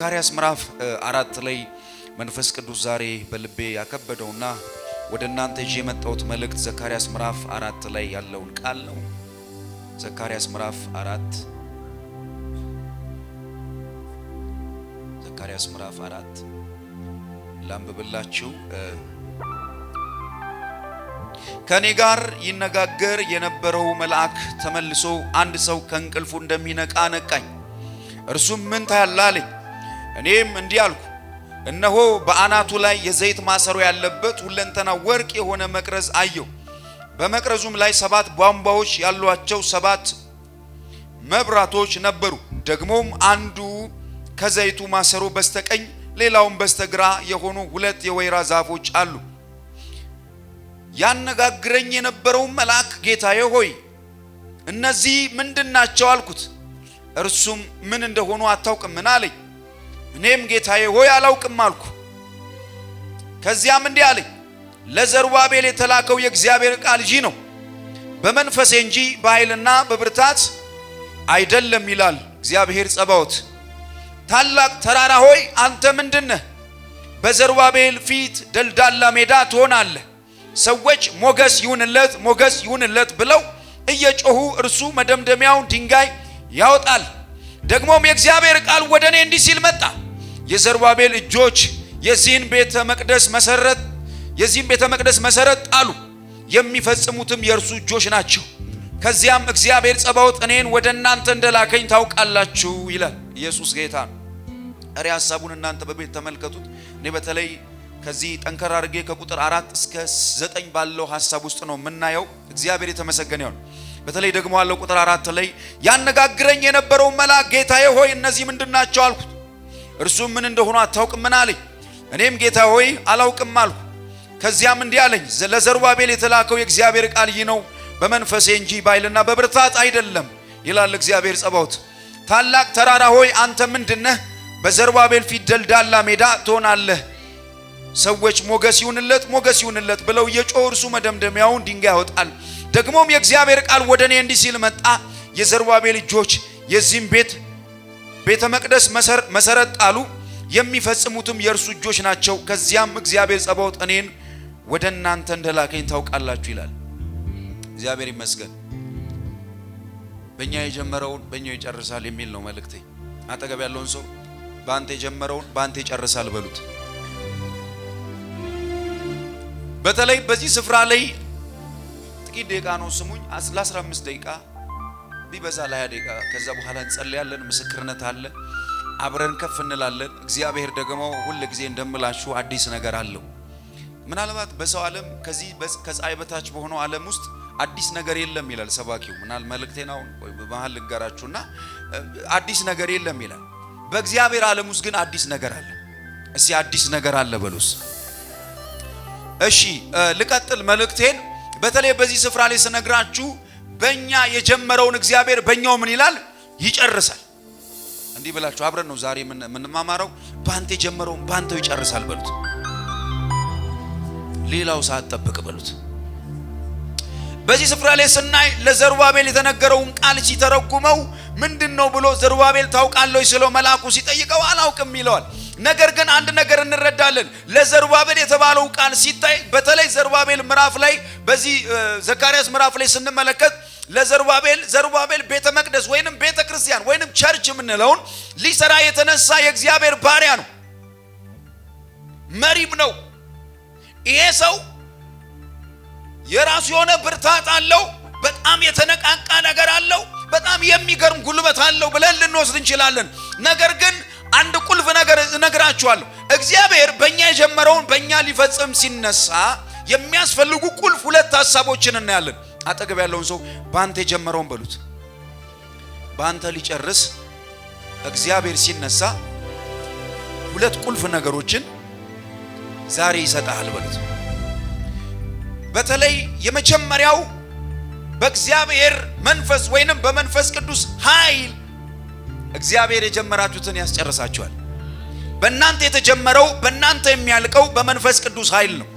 ዘካርያስ ምዕራፍ አራት ላይ መንፈስ ቅዱስ ዛሬ በልቤ ያከበደውና ወደ እናንተ ይዤ የመጣሁት መልእክት ዘካርያስ ምዕራፍ አራት ላይ ያለውን ቃል ነው። ዘካርያስ ምዕራፍ አራት ዘካርያስ ምዕራፍ አራት ላንብብላችሁ። ከእኔ ጋር ይነጋገር የነበረው መልአክ ተመልሶ አንድ ሰው ከእንቅልፉ እንደሚነቃ ነቃኝ። እርሱም ምን ታያለህ አለኝ። እኔም እንዲህ አልኩ፣ እነሆ በአናቱ ላይ የዘይት ማሰሮ ያለበት ሁለንተና ወርቅ የሆነ መቅረዝ አየሁ። በመቅረዙም ላይ ሰባት ቧንቧዎች ያሏቸው ሰባት መብራቶች ነበሩ። ደግሞም አንዱ ከዘይቱ ማሰሮ በስተቀኝ ሌላውም በስተግራ የሆኑ ሁለት የወይራ ዛፎች አሉ። ያነጋግረኝ የነበረው መልአክ ጌታዬ ሆይ እነዚህ ምንድን ናቸው አልኩት። እርሱም ምን እንደሆኑ አታውቅምን አለኝ። እኔም ጌታዬ ሆይ አላውቅም አልኩ። ከዚያም እንዲህ አለኝ፣ ለዘሩባቤል የተላከው የእግዚአብሔር ቃል ይህ ነው፣ በመንፈሴ እንጂ በኃይልና በብርታት አይደለም ይላል እግዚአብሔር ጸባዖት። ታላቅ ተራራ ሆይ አንተ ምንድነህ? በዘሩባቤል ፊት ደልዳላ ሜዳ ትሆናለህ። ሰዎች ሞገስ ይሁንለት ሞገስ ይሁንለት ብለው እየጮሁ እርሱ መደምደሚያውን ድንጋይ ያወጣል። ደግሞም የእግዚአብሔር ቃል ወደ እኔ እንዲህ ሲል መጣ የዘሩባቤል እጆች የዚህን ቤተ መቅደስ መሰረት የዚህን ቤተ መቅደስ መሰረት ጣሉ፣ የሚፈጽሙትም የእርሱ እጆች ናቸው። ከዚያም እግዚአብሔር ጸባዖት እኔን ወደ እናንተ እንደላከኝ ታውቃላችሁ ይላል። ኢየሱስ ጌታ ነው። እሪ ሀሳቡን እናንተ በቤት ተመልከቱት። እኔ በተለይ ከዚህ ጠንከር አድርጌ ከቁጥር አራት እስከ ዘጠኝ ባለው ሀሳብ ውስጥ ነው የምናየው። እግዚአብሔር የተመሰገነ ይሁን። በተለይ ደግሞ አለው ቁጥር አራት ላይ ያነጋግረኝ የነበረው መልአክ ጌታዬ ሆይ እነዚህ ምንድን ናቸው አልኩት። እርሱም ምን እንደሆኑ አታውቅምን አለኝ። እኔም ጌታ ሆይ አላውቅም አልሁ። ከዚያም እንዲህ አለኝ፣ ለዘሩባቤል የተላከው የእግዚአብሔር ቃል ይህ ነው፣ በመንፈሴ እንጂ በኃይልና በብርታት አይደለም ይላል እግዚአብሔር ጸባዖት። ታላቅ ተራራ ሆይ አንተ ምንድነህ? በዘሩባቤል ፊት ደልዳላ ሜዳ ትሆናለህ። ሰዎች ሞገስ ይሁንለት፣ ሞገስ ይሁንለት ብለው እየጮሁ እርሱ መደምደሚያውን ድንጋይ ያወጣል። ደግሞም የእግዚአብሔር ቃል ወደ እኔ እንዲህ ሲል መጣ፣ የዘሩባቤል እጆች የዚህም ቤት ቤተ መቅደስ መሰረት ጣሉ፣ የሚፈጽሙትም የእርሱ እጆች ናቸው። ከዚያም እግዚአብሔር ጸባዖት እኔን ወደ እናንተ እንደላከኝ ታውቃላችሁ ይላል። እግዚአብሔር ይመስገን። በእኛ የጀመረውን በእኛው ይጨርሳል የሚል ነው መልእክቴ። አጠገብ ያለውን ሰው በአንተ የጀመረውን በአንተ ይጨርሳል በሉት። በተለይ በዚህ ስፍራ ላይ ጥቂት ደቂቃ ነው ስሙኝ፣ ለ15 ደቂቃ ቢበዛ ላይ አደጋ። ከዛ በኋላ እንጸልያለን። ምስክርነት አለ። አብረን ከፍ እንላለን። እግዚአብሔር ደግሞ ሁል ጊዜ እንደምላችሁ አዲስ ነገር አለው። ምናልባት በሰው ዓለም ከዚህ ከፀሐይ በታች በሆነው ዓለም ውስጥ አዲስ ነገር የለም ይላል ሰባኪው። ምናል መልእክቴን አሁን በመሀል ልጋራችሁና አዲስ ነገር የለም ይላል። በእግዚአብሔር ዓለም ውስጥ ግን አዲስ ነገር አለ። እስቲ አዲስ ነገር አለ በሉስ። እሺ ልቀጥል መልእክቴን። በተለይ በዚህ ስፍራ ላይ ስነግራችሁ በእኛ የጀመረውን እግዚአብሔር በእኛው ምን ይላል ይጨርሳል። እንዲህ ብላችሁ አብረን ነው ዛሬ የምንማማረው። በአንተ የጀመረውን በአንተው ይጨርሳል በሉት። ሌላው ሰዓት ጠብቅ በሉት። በዚህ ስፍራ ላይ ስናይ ለዘሩባቤል የተነገረውን ቃል ሲተረጉመው ምንድን ነው ብሎ ዘሩባቤል ታውቃለች ስለው መልአኩ ሲጠይቀው አላውቅም ይለዋል። ነገር ግን አንድ ነገር እንረዳለን። ለዘሩባቤል የተባለው ቃል ሲታይ በተለይ ዘሩባቤል ምዕራፍ ላይ በዚህ ዘካርያስ ምዕራፍ ላይ ስንመለከት ለዘሩባቤል ዘሩባቤል ቤተ መቅደስ ወይንም ቤተ ክርስቲያን ወይንም ቸርች የምንለውን ሊሰራ የተነሳ የእግዚአብሔር ባሪያ ነው፣ መሪም ነው። ይሄ ሰው የራሱ የሆነ ብርታት አለው። በጣም የተነቃቃ ነገር አለው። በጣም የሚገርም ጉልበት አለው ብለን ልንወስድ እንችላለን። ነገር ግን አንድ ቁልፍ ነገር እነግራችኋለሁ። እግዚአብሔር በእኛ የጀመረውን በእኛ ሊፈጽም ሲነሳ የሚያስፈልጉ ቁልፍ ሁለት ሀሳቦችን እናያለን። አጠገብ ያለውን ሰው በአንተ የጀመረውን በሉት። በአንተ ሊጨርስ እግዚአብሔር ሲነሳ ሁለት ቁልፍ ነገሮችን ዛሬ ይሰጣል በሉት። በተለይ የመጀመሪያው በእግዚአብሔር መንፈስ ወይንም በመንፈስ ቅዱስ ኃይል እግዚአብሔር የጀመራችሁትን ያስጨርሳችኋል። በእናንተ የተጀመረው በእናንተ የሚያልቀው በመንፈስ ቅዱስ ኃይል ነው።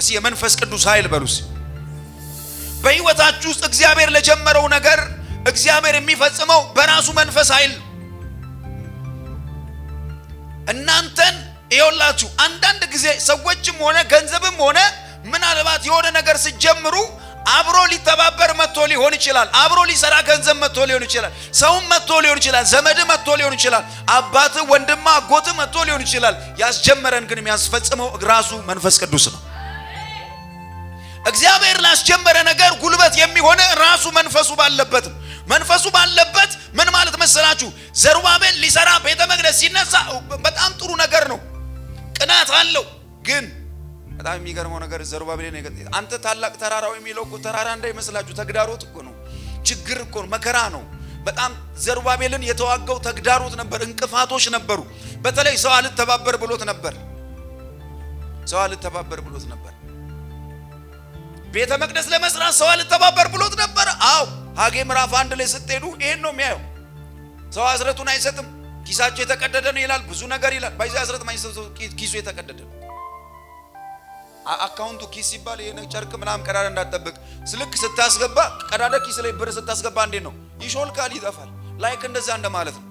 እስ የመንፈስ ቅዱስ ኃይል በሉስ። በህይወታችሁ ውስጥ እግዚአብሔር ለጀመረው ነገር እግዚአብሔር የሚፈጽመው በራሱ መንፈስ ኃይል ነው። እናንተን ይኸውላችሁ፣ አንዳንድ ጊዜ ሰዎችም ሆነ ገንዘብም ሆነ ምናልባት የሆነ ነገር ሲጀምሩ አብሮ ሊተባበር መጥቶ ሊሆን ይችላል። አብሮ ሊሰራ ገንዘብ መጥቶ ሊሆን ይችላል። ሰውም መጥቶ ሊሆን ይችላል። ዘመድ መጥቶ ሊሆን ይችላል። አባት፣ ወንድማ፣ አጎት መጥቶ ሊሆን ይችላል። ያስጀመረን ግን የሚያስፈጽመው ራሱ መንፈስ ቅዱስ ነው። እግዚአብሔር ላስጀመረ ነገር ጉልበት የሚሆነ ራሱ መንፈሱ ባለበት ነው። መንፈሱ ባለበት ምን ማለት መሰላችሁ? ዘሩባቤል ሊሰራ ቤተ መቅደስ ሲነሳ በጣም ጥሩ ነገር ነው። ቅናት አለው ግን በጣም የሚገርመው ነገር ነው ዘሩባቤልን አንተ ታላቅ ተራራው የሚለው እኮ ተራራ እንዳይመስላችሁ ተግዳሮት እኮ ነው፣ ችግር እኮ ነው፣ መከራ ነው። በጣም ዘሩባቤልን የተዋጋው ተግዳሮት ነበር፣ እንቅፋቶች ነበሩ። በተለይ ሰው አልተባበር ብሎት ነበር፣ ሰው አልተባበር ብሎት ነበር። ቤተ መቅደስ ለመስራት ሰው አልተባበር ብሎት ነበር። አው ሐጌ ምዕራፍ አንድ ላይ ስትሄዱ ይሄን ነው የሚያየው። ሰው አስረቱን አይሰጥም፣ ኪሳቸው የተቀደደ ነው ይላል፣ ብዙ ነገር ይላል። ባይዛ አስረት ማይሰጥ ኪሱ የተቀደደ ነው አካውንቱ ኪስ ሲባል ይሄ ጨርቅ ምናምን ቀዳዳ እንዳትጠብቅ ስልክ ስታስገባ ቀዳዳ ኪስ ላይ ብር ስታስገባ እንዴት ነው ይሾልካል፣ ይጠፋል። ላይክ እንደዛ እንደማለት ነው።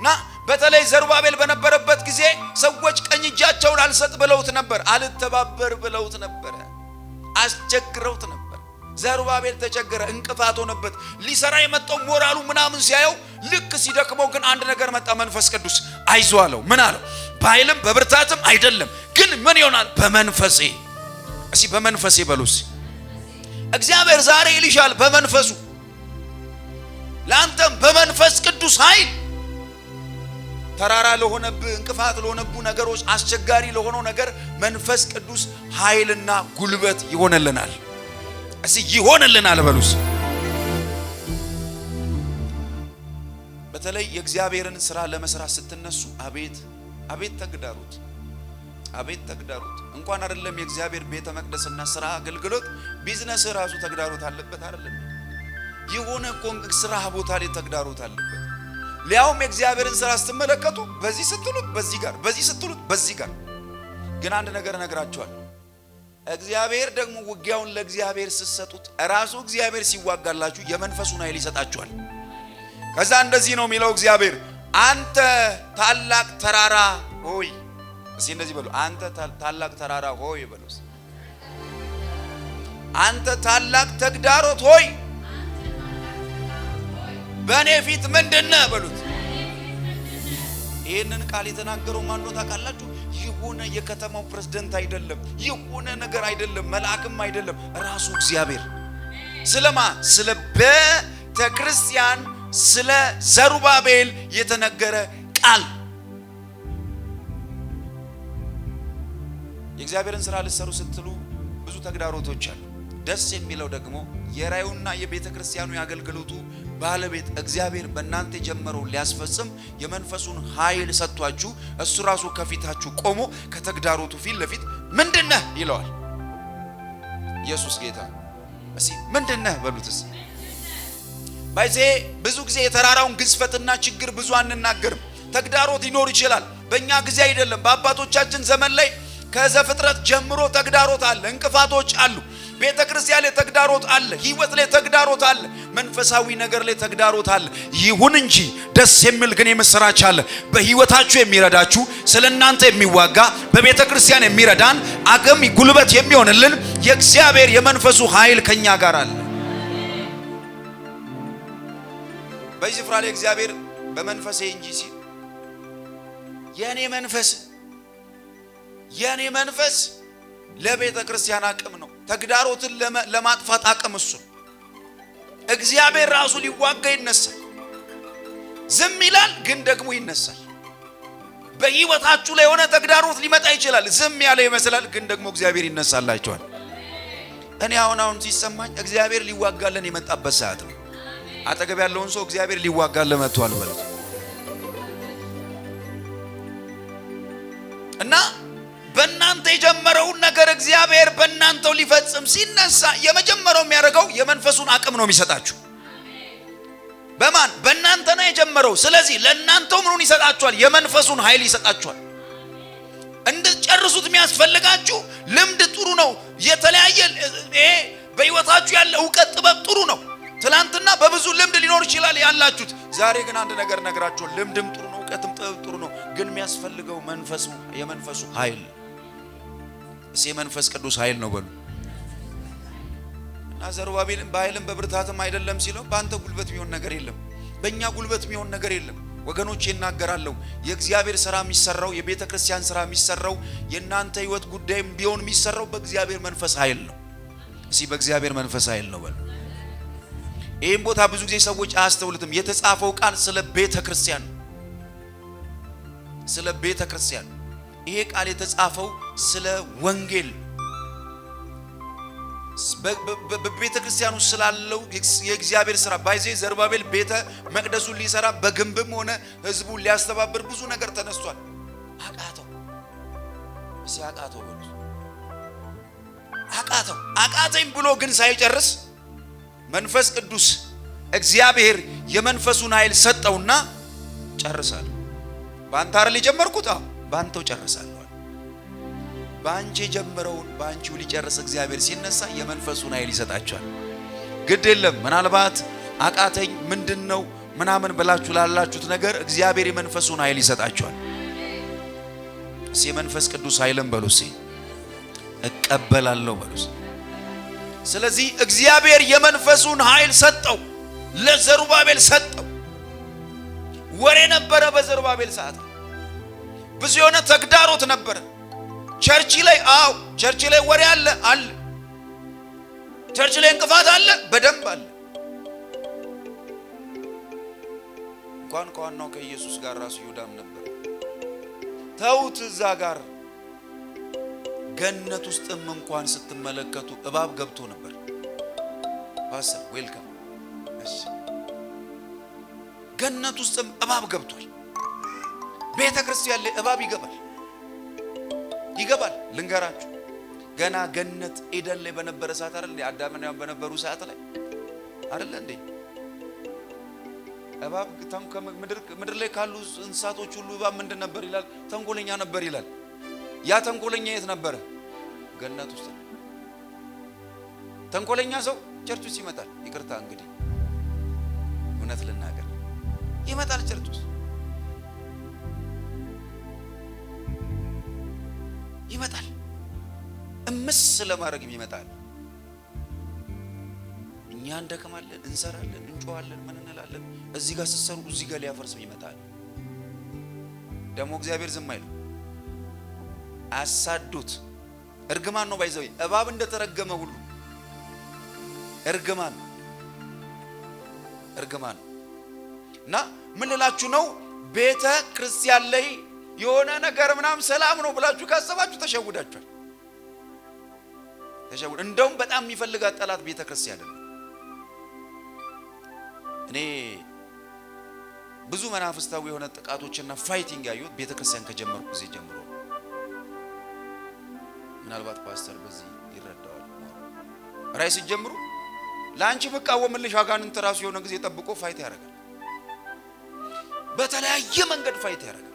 እና በተለይ ዘሩባቤል በነበረበት ጊዜ ሰዎች ቀኝ እጃቸውን አልሰጥ ብለውት ነበር፣ አልተባበር ብለውት ነበረ አስቸግረውት ነበር። ዘሩባቤል ተቸገረ፣ እንቅፋት ሆነበት። ሊሰራ የመጣው ሞራሉ ምናምን ሲያየው ልክ ሲደክመው ግን አንድ ነገር መጣ። መንፈስ ቅዱስ አይዞ አለው። ምን አለው? በኃይልም በብርታትም አይደለም ግን ምን ይሆናል? በመንፈሴ እሺ፣ በመንፈሴ በሉስ። እግዚአብሔር ዛሬ ይልሻል በመንፈሱ ለአንተም በመንፈስ ቅዱስ ኃይል ተራራ ለሆነብህ እንቅፋት ለሆነብህ ነገሮች አስቸጋሪ ለሆነው ነገር መንፈስ ቅዱስ ኃይልና ጉልበት ይሆነልናል እዚ ይሆነልናል በሉስ። በተለይ የእግዚአብሔርን ስራ ለመስራት ስትነሱ አቤት አቤት ተግዳሮት አቤት ተግዳሮት! እንኳን አይደለም የእግዚአብሔር ቤተ መቅደስና ስራ አገልግሎት፣ ቢዝነስ ራሱ ተግዳሮት አለበት። አይደለም የሆነ እኮ ስራ ቦታ ላይ ተግዳሮት አለበት። ሊያውም የእግዚአብሔርን ስራ ስትመለከቱ በዚህ ስትሉት በዚህ ጋር፣ በዚህ ስትሉት በዚህ ጋር። ግን አንድ ነገር ነግራቸዋል። እግዚአብሔር ደግሞ ውጊያውን ለእግዚአብሔር ስትሰጡት ራሱ እግዚአብሔር ሲዋጋላችሁ የመንፈሱን ኃይል ይሰጣችኋል። ከዛ እንደዚህ ነው የሚለው እግዚአብሔር አንተ ታላቅ ተራራ ሆይ እስኪ እንደዚህ በሉ። አንተ ታላቅ ተራራ ሆይ በሉስ። አንተ ታላቅ ተግዳሮት ሆይ በእኔ ፊት ምንድነ በሉት። ይህንን ቃል የተናገረው ማን ነው ታውቃላችሁ? የሆነ የከተማው ፕሬዝደንት አይደለም፣ የሆነ ነገር አይደለም፣ መልአክም አይደለም፣ ራሱ እግዚአብሔር ስለማ ስለ ቤተ ክርስቲያን ስለ ዘሩባቤል የተነገረ ቃል የእግዚአብሔርን ስራ ልትሰሩ ስትሉ ብዙ ተግዳሮቶች አሉ። ደስ የሚለው ደግሞ የራዩና የቤተ ክርስቲያኑ የአገልግሎቱ ባለቤት እግዚአብሔር በእናንተ የጀመረውን ሊያስፈጽም የመንፈሱን ኃይል ሰጥቷችሁ እሱ ራሱ ከፊታችሁ ቆሞ ከተግዳሮቱ ፊት ለፊት ምንድነህ ይለዋል። ኢየሱስ ጌታ እሺ፣ ምንድነህ በሉትስ። ባይዜ ብዙ ጊዜ የተራራውን ግዝፈትና ችግር ብዙ አንናገርም። ተግዳሮት ሊኖር ይችላል። በእኛ ጊዜ አይደለም፣ በአባቶቻችን ዘመን ላይ ከዘፍጥረት ጀምሮ ተግዳሮት አለ፣ እንቅፋቶች አሉ። ቤተ ክርስቲያን ላይ ተግዳሮት አለ። ህይወት ላይ ተግዳሮት አለ። መንፈሳዊ ነገር ላይ ተግዳሮት አለ። ይሁን እንጂ ደስ የሚል ግን የምስራች አለ። በህይወታችሁ የሚረዳችሁ ስለ እናንተ የሚዋጋ በቤተ ክርስቲያን የሚረዳን አቅም ጉልበት የሚሆንልን የእግዚአብሔር የመንፈሱ ኃይል ከኛ ጋር አለ። በዚህ ስፍራ ላይ እግዚአብሔር በመንፈሴ እንጂ ሲል የእኔ መንፈስ የኔ መንፈስ ለቤተ ክርስቲያን አቅም ነው። ተግዳሮትን ለማጥፋት አቅም እሱ እግዚአብሔር ራሱ ሊዋጋ ይነሳል። ዝም ይላል፣ ግን ደግሞ ይነሳል። በህይወታችሁ ላይ የሆነ ተግዳሮት ሊመጣ ይችላል። ዝም ያለ ይመስላል፣ ግን ደግሞ እግዚአብሔር ይነሳላቸዋል። እኔ አሁን አሁን ሲሰማኝ እግዚአብሔር ሊዋጋለን የመጣበት ሰዓት ነው። አጠገብ ያለውን ሰው እግዚአብሔር ሊዋጋለን መጥቷል በሉት እና በእናንተ የጀመረውን ነገር እግዚአብሔር በእናንተው ሊፈጽም ሲነሳ የመጀመሪያው የሚያደርገው የመንፈሱን አቅም ነው የሚሰጣችሁ። በማን በእናንተ ነው የጀመረው። ስለዚህ ለእናንተው ምኑን ይሰጣችኋል? የመንፈሱን ኃይል ይሰጣችኋል። እንድትጨርሱት የሚያስፈልጋችሁ ልምድ ጥሩ ነው። የተለያየ ይሄ በህይወታችሁ ያለ እውቀት፣ ጥበብ ጥሩ ነው። ትናንትና በብዙ ልምድ ሊኖር ይችላል ያላችሁት። ዛሬ ግን አንድ ነገር ነግራችሁ ልምድም ጥሩ ነው፣ እውቀትም ጥበብ ጥሩ ነው። ግን የሚያስፈልገው መንፈሱ የመንፈሱ ኃይል ቅዱስ የመንፈስ ቅዱስ ኃይል ነው በሉ እና ዘሩባቤልን በኃይልም በብርታትም አይደለም ሲለው በአንተ ጉልበት የሚሆን ነገር የለም፣ በእኛ ጉልበት የሚሆን ነገር የለም። ወገኖች ይናገራለሁ። የእግዚአብሔር ስራ የሚሰራው የቤተ ክርስቲያን ስራ የሚሰራው የእናንተ ህይወት ጉዳይም ቢሆን የሚሰራው በእግዚአብሔር መንፈስ ኃይል ነው። እሺ፣ በእግዚአብሔር መንፈስ ኃይል ነው በሉ። ይህም ቦታ ብዙ ጊዜ ሰዎች አያስተውሉትም። የተጻፈው ቃል ስለ ቤተ ክርስቲያን ስለ ቤተ ክርስቲያን ይሄ ቃል የተጻፈው ስለ ወንጌል በቤተ ክርስቲያኑ ስላለው የእግዚአብሔር ስራ ባይዜ ዘርባቤል ቤተ መቅደሱን ሊሰራ በግንብም ሆነ ህዝቡ ሊያስተባብር ብዙ ነገር ተነስቷል። አቃተው ሲያቃተው አቃተው አቃተኝ ብሎ ግን ሳይጨርስ መንፈስ ቅዱስ እግዚአብሔር የመንፈሱን ኃይል ሰጠውና ጨርሳል። በአንታር ሊጀመርኩት የጀመርኩት? ባንተው ጨርሳለሁ። ባንቺ የጀመረውን ባንቺው ሊጨርስ እግዚአብሔር ሲነሳ የመንፈሱን ኃይል ይሰጣቸዋል። ግድ የለም ምናልባት አቃተኝ ምንድን ነው ምናምን ብላችሁ ላላችሁት ነገር እግዚአብሔር የመንፈሱን ኃይል ይሰጣቸዋል። እስ የመንፈስ ቅዱስ ኃይልን በሉሴ እቀበላለሁ በሉሴ። ስለዚህ እግዚአብሔር የመንፈሱን ኃይል ሰጠው፣ ለዘሩባቤል ሰጠው። ወሬ ነበረ በዘሩባቤል ሰዓት ብዙ የሆነ ተግዳሮት ነበረ። ቸርች ላይ አዎ፣ ቸርች ላይ ወሬ አለ አለ፣ ቸርች ላይ እንቅፋት አለ በደንብ አለ። እንኳን ከዋናው ከኢየሱስ ጋር ራሱ ይሁዳም ነበር። ተውት እዛ ጋር ገነት ውስጥም እንኳን ስትመለከቱ እባብ ገብቶ ነበር። ፓስተር ዌልከም። ገነት ውስጥም እባብ ገብቷል። ቤተ ክርስቲያን ላይ እባብ ይገባል ይገባል። ልንገራችሁ ገና ገነት ኤደን ላይ በነበረ ሰዓት አይደል እንዴ? አዳምና ሔዋን በነበሩ ሰዓት ላይ አይደል እንዴ? እባብ ምድር ላይ ካሉ እንስሳቶች ሁሉ እባብ ምንድን ነበር ይላል? ተንኮለኛ ነበር ይላል። ያ ተንኮለኛ የት ነበረ? ገነት ውስጥ። ተንኮለኛ ሰው ቸርች ውስጥ ይመጣል። ይቅርታ እንግዲህ እውነት ልናገር ይመጣል ቸርች ውስጥ ይመጣል። እምስ ለማድረግ ይመጣል። እኛ እንደክማለን፣ እንሰራለን፣ እንጮዋለን፣ ምን እንላለን። እዚህ ጋር ስትሰሩ እዚህ ጋር ሊያፈርስ ይመጣል። ደግሞ እግዚአብሔር ዝም አይልም። አሳዱት። እርግማን ነው ባይዘው እባብ እንደተረገመ ሁሉ እርግማን እርግማን እና ምን ልላችሁ ነው ቤተ ክርስቲያን ላይ የሆነ ነገር ምናምን ሰላም ነው ብላችሁ ካሰባችሁ ተሸውዳችኋል። ተሸውድ እንደውም በጣም የሚፈልጋት ጠላት ቤተ ክርስቲያን ነው። እኔ ብዙ መናፍስታዊ የሆነ ጥቃቶችና ፋይቲንግ ያዩት ቤተ ክርስቲያን ከጀመርኩ ጊዜ ጀምሮ ምናልባት ፓስተር በዚህ ይረዳዋል። ራይ ሲጀምሩ ለአንቺ ምቃወምልሽ አጋንንት ራሱ የሆነ ጊዜ ጠብቆ ፋይት ያደርጋል። በተለያየ መንገድ ፋይት ያደርጋል።